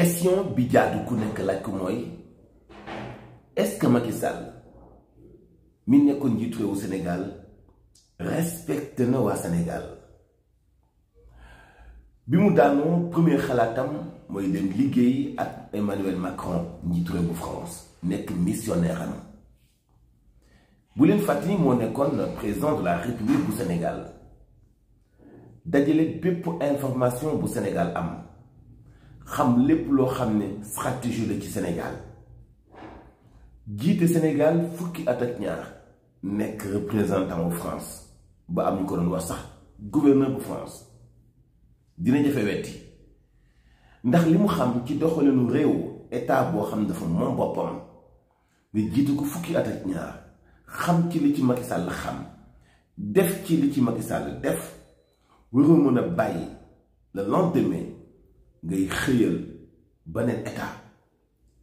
question bi du ku nek lak moy est-ce que Macky Sall mi nekkoon au Sénégal respecte na wa Sénégal bi mu dano premier khalatam moy dem liguey ak Emmanuel Macron njiitu au France nek missionnaire am bu leen fàttali moo président de la République du Sénégal dajale bépp information bu Sénégal am xam lépp loo xam stratégie la ci Sénégal jiite Sénégal fukki at ñaar nekk représentant France ba am ñu ko sax gouverneur de France dina jafe wetti ndax li xam ci doxalinu état boo xam dafa moom boppam ko fukki at ñaar xam ci li ci xam def ci li ci Macky def waroo mën a le lendemain ngay xëyal beneen état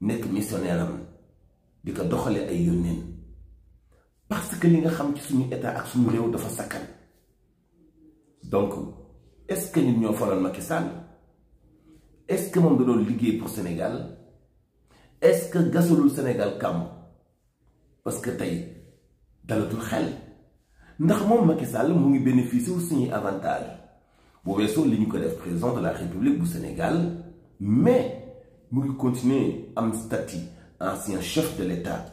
nekk missionnaire am di ko doxale ay yónneen parce que li nga xam ci suñu état ak suñu réew dafa sakkan donc est-ce que ñun ñoo faloon Macky Sall est-ce que moom da liggéey pour Sénégal est-ce que gasulul Sénégal kàmm parce que tey dalatul xel ndax moom Macky Sall mu ngi bénéficier wu suñuy avantage bu weesoo li ñu ko def président de la république du Sénégal mais nous continuons continuer am statut ancien chef de l'état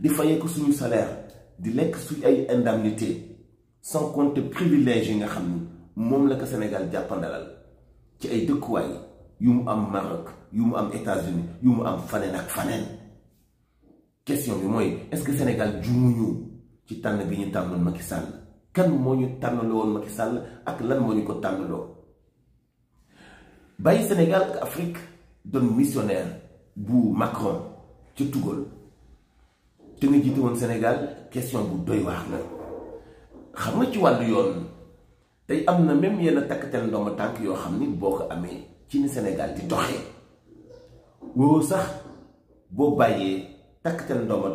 di fayee ko suñu salaire di lekk suñu ay indemnité sans compter privilège yi nga xam ni la ko Sénégal jàppandalal ci ay dëkkuwaay yu mu am Maroc yu mu am États-Unis yu mu am FANEN ak question bi mooy est-ce que le Sénégal juumuñu ci tànn bi ñu tànnoon Macky Sall kan moñu ñu tànnaloo ak lan moñu ko Sénégal ak Afrique missionnaire bu Macron ci Tugal te ngi jiite woon Sénégal question bu doy wax la xam nga ci wàllu yoon même yena takatel ndom ci ni Sénégal di doxé wo sax bo bayé takatel ndom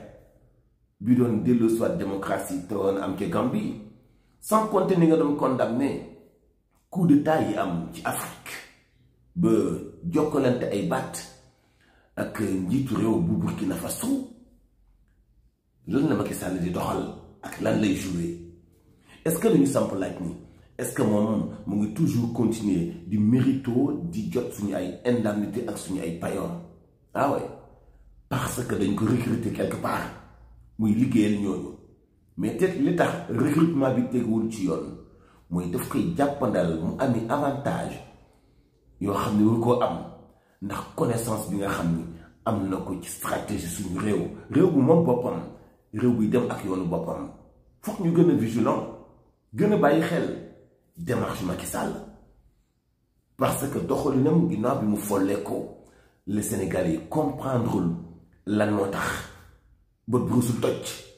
bidon doon soit démocratie ton am Gambie sans compter ni coup de taille am ci Afrique que les ay ak njitu rew bu Burkina Faso n'a di doxal ak lan lay est-ce que nous ñu est-ce que mon mo toujours continuer de mériter di jot suñu ay indemnité ak suñu ay ah ouais parce que dañ ko quelque part muy liggéeyal ñooñu mais te li tax recrutement bi teguwul ci yoon mooy daf koy jàppandal mu ami avantage yoo xam ne ko am ndax connaissance bi nga xam ni am na ko ci stratégie suñu réew réew bu moom boppam réew buy dem ak yoonu boppam foog ñu gën a vigilant gën a bàyyi xel démarche Macky Sall parce que doxalinam ginnaaw bi mu follee ko le sénégalais comprendre lan moo tax bët bu toj